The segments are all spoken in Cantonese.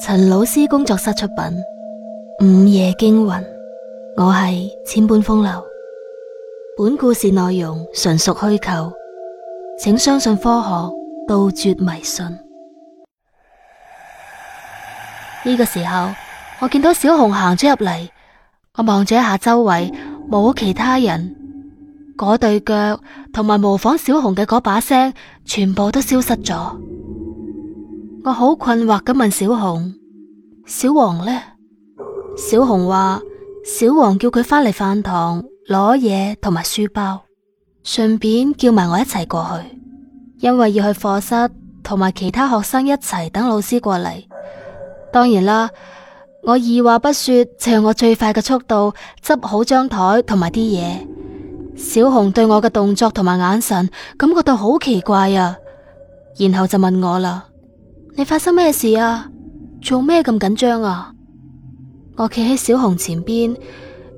陳老師工作室出品《午夜驚魂》，我係千般風流。本故事內容純屬虛構，請相信科學，杜絕迷信。呢個時候，我見到小紅行咗入嚟，我望咗一下周圍，冇其他人。嗰對腳同埋模仿小紅嘅嗰把聲，全部都消失咗。我好困惑咁問小紅：小黃呢？小紅話：小黃叫佢返嚟飯堂攞嘢同埋書包，順便叫埋我一齊過去，因為要去課室同埋其他學生一齊等老師過嚟。當然啦，我二話不說，就用，是，我最快嘅速度執好張台同埋啲嘢。小紅對我嘅動作同埋眼神感覺到好奇怪啊，然後就問我啦。你發生咩事啊？做咩咁緊張啊？我企喺小紅前邊，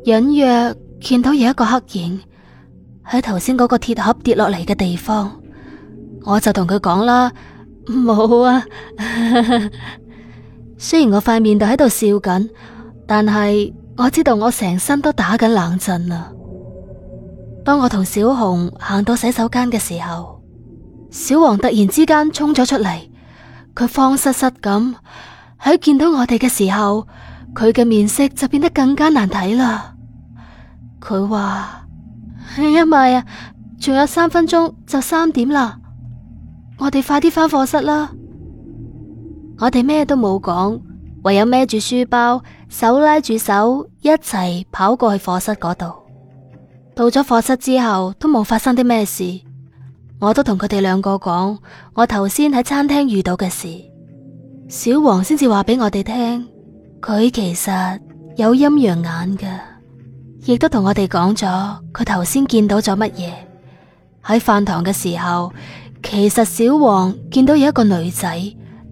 隱約見到有一個黑影喺頭先嗰個鐵盒跌落嚟嘅地方，我就同佢講啦：冇啊！ 雖然我塊面就喺度笑緊，但係我知道我成身都打緊冷震啦、啊。當我同小紅行到洗手間嘅時候，小黃突然之間衝咗出嚟。佢慌失失咁喺見到我哋嘅時候，佢嘅面色就變得更加難睇啦。佢話：哎呀咪呀，仲有三分鐘就三點啦，我哋快啲返課室啦！我哋咩都冇講，唯有孭住書包，手拉住手，一齊跑過去課室嗰度。到咗課室之後，都冇發生啲咩事。我都同佢哋兩個講我頭先喺餐廳遇到嘅事，小王先至話俾我哋聽，佢其實有陰陽眼嘅，亦都同我哋講咗佢頭先見到咗乜嘢。喺飯堂嘅時候，其實小王見到有一個女仔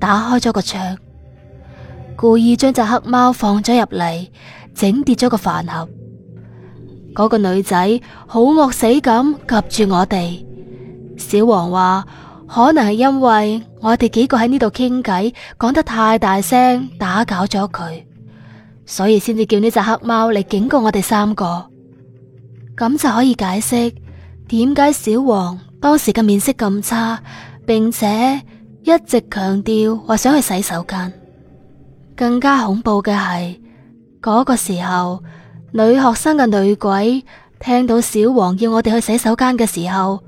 打開咗個窗，故意將隻黑貓放咗入嚟，整跌咗個飯盒。嗰個女仔好惡死咁及住我哋。小王話可能係因為我哋幾個喺呢度傾偈，講得太大聲，打攪咗佢，所以先至叫呢隻黑貓嚟警告我哋三個。咁就可以解釋點解小王當時嘅面色咁差，並且一直強調話想去洗手間。更加恐怖嘅係嗰個時候，女學生嘅女鬼聽到小王要我哋去洗手間嘅時候，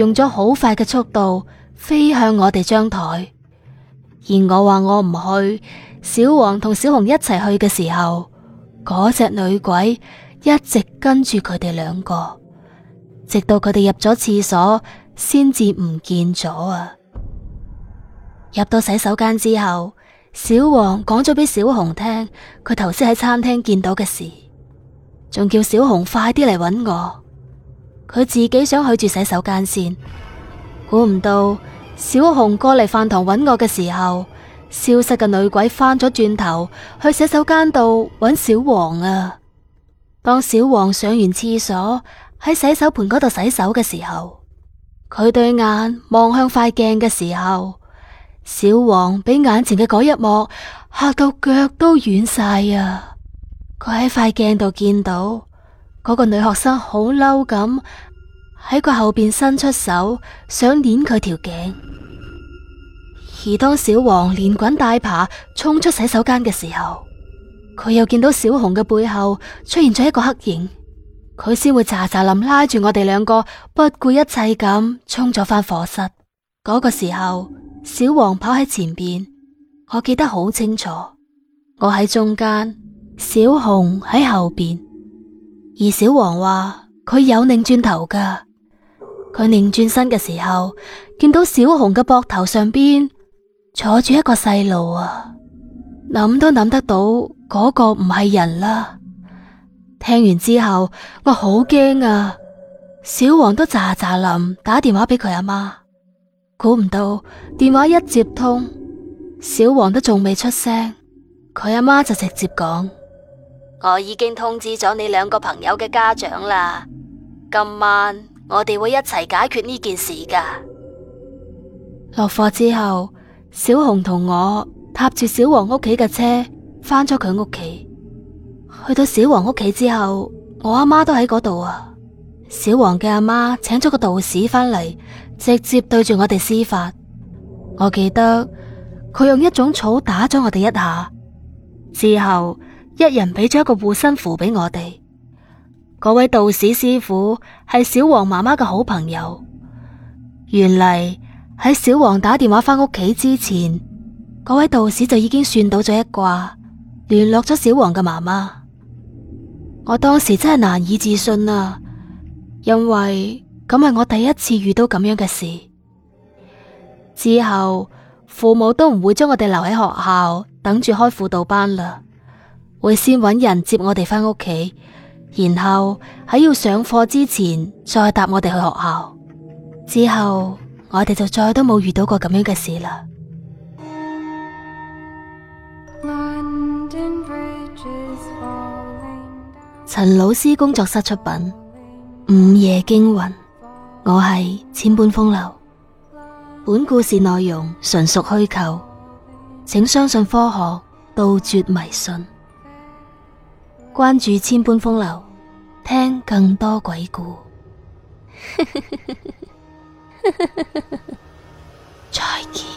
用咗好快嘅速度飛向我哋張台，而我話我唔去。小黃同小紅一齊去嘅時候，嗰隻女鬼一直跟住佢哋兩個，直到佢哋入咗廁所先至唔見咗啊！入到洗手間之後，小黃講咗俾小紅聽佢頭先喺餐廳見到嘅事，仲叫小紅快啲嚟揾我。佢自己想去住洗手間先，估唔到小紅過嚟飯堂揾我嘅時候，消失嘅女鬼翻咗轉頭去洗手間度揾小黃啊！當小黃上完廁所喺洗手盆嗰度洗手嘅時候，佢對眼望向塊鏡嘅時候，小黃俾眼前嘅嗰一幕嚇到腳都軟晒啊！佢喺塊鏡度見到。嗰個女學生好嬲，咁喺佢後邊伸出手，想捏佢條頸。而當小黃連滾帶爬衝出洗手間嘅時候，佢又見到小紅嘅背後出現咗一個黑影，佢先會咋咋林拉住我哋兩個，不顧一切咁衝咗返課室。嗰、那個時候，小黃跑喺前邊，我記得好清楚，我喺中間，小紅喺後邊。而小黃話佢有擰轉頭噶，佢擰轉身嘅時候，見到小紅嘅膊頭上邊坐住一個細路啊，諗都諗得到嗰個唔係人啦。聽完之後，我好驚啊，小黃都咋咋淋打電話俾佢阿媽，估唔到電話一接通，小黃都仲未出聲，佢阿媽就直接講。我已經通知咗你兩個朋友嘅家長啦。今晚我哋會一齊解決呢件事噶。落課之後，小紅同我搭住小黃屋企嘅車翻咗佢屋企。去到小黃屋企之後，我阿媽都喺嗰度啊。小黃嘅阿媽請咗個道士返嚟，直接對住我哋施法。我記得佢用一種草打咗我哋一下之後。一人俾咗一個護身符俾我哋。嗰位道士師傅係小王媽媽嘅好朋友。原嚟喺小王打電話返屋企之前，嗰位道士就已經算到咗一卦，聯絡咗小王嘅媽媽。我當時真係難以置信啊，因為咁係我第一次遇到咁樣嘅事。之後父母都唔會將我哋留喺學校等住開輔導班啦。會先揾人接我哋返屋企，然後喺要上課之前再搭我哋去學校。之後我哋就再都冇遇到過咁樣嘅事啦。Falling, 陳老師工作室出品《午夜驚魂》，我係千般風流。本故事內容純屬虛構，請相信科學，杜絕迷信。關注千般風流，聽更多鬼故。 再見。